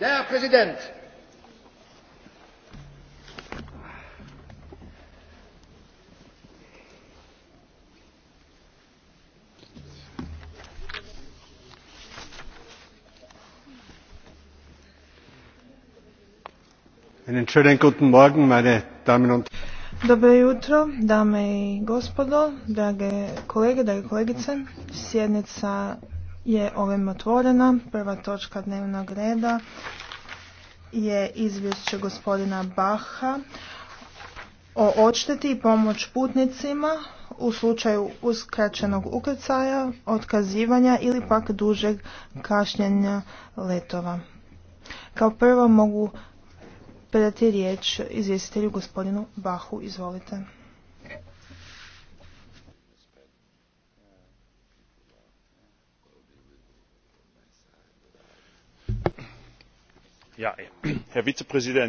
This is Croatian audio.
Der Präsident! Einen schönen guten Morgen, meine Damen und Dobro jutro, dame i gospodo, drage kolege, drage kolegice. Sjednica je ovim otvorena. Prva točka dnevnog reda je izvješće gospodina Baha o odšteti i pomoć putnicima u slučaju uskraćenog ukrcaja, otkazivanja ili pak dužeg kašnjenja letova. Kao prvo mogu predati riječ izvjestitelju gospodinu Bahu. Izvolite. herr vizepräsident!